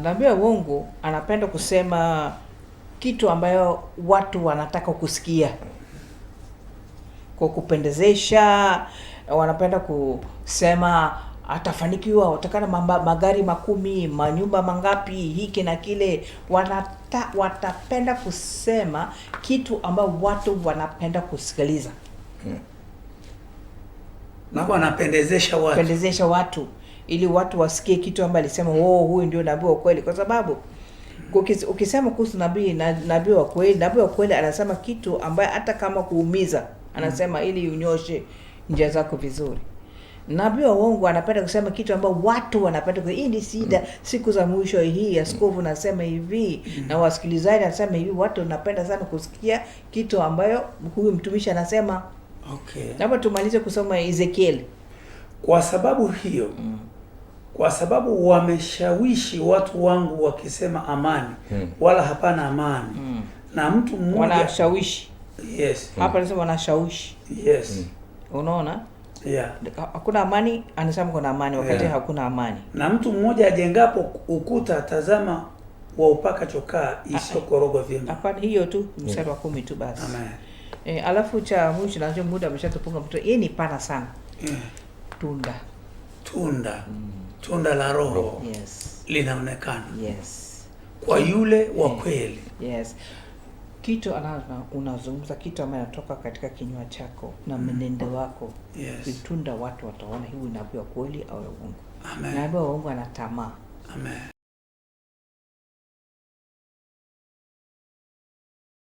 Naambiwa ya anapenda kusema kitu ambayo watu wanataka kusikia kwa kupendezesha. Wanapenda kusema atafanikiwa, watakana magari makumi, manyumba mangapi, hiki na kile. Wanata, watapenda kusema kitu ambayo watu wanapenda kusikiliza hmm. Na wanapendezesha watu. Pendezesha watu ili watu wasikie kitu ambacho alisema, oh, huyu ndio nabii wa kweli, kwa sababu ukisema kuhusu nabii na nabii wa kweli, nabii wa kweli anasema kitu ambaye hata kama kuumiza, anasema mm, ili unyoshe njia zako vizuri. Nabii wa uongo anapenda kusema kitu ambayo watu wanapenda. Hii ni sida mm. siku za mwisho hii, askofu nasema hivi mm. na wasikilizaji nasema hivi. Watu wanapenda sana kusikia kitu ambayo huyu mtumishi anasema. Okay, labda tumalize kusoma Ezekiel kwa sababu hiyo mm kwa sababu wameshawishi watu wangu wakisema amani hmm. wala hapana amani hmm. na mtu mmoja wanashawishi. Yes. Hmm. Hapa nasema wanashawishi. Yes. Hmm. Unaona? Yeah. Hakuna amani, anasema kuna amani wakati yeah. hakuna amani. Na mtu mmoja ajengapo ukuta, tazama wa upaka chokaa isiyokorogwa ah, vyema. Hapana, hiyo tu hmm. mstari wa kumi tu basi. Amen. E, alafu cha mwisho, najua muda ameshatupunga mtu. Hii ni pana sana. yeah. Tunda tunda mm. tunda la Roho yes. linaonekana yes. kwa yule wa mm. kweli yes. Kitu unazungumza kitu ambayo inatoka katika kinywa chako na mm. mwenendo mm. wako yes. Vitunda watu wataona hivi inavyo kweli au ya uongo. naambia uongo ana tamaa Amen.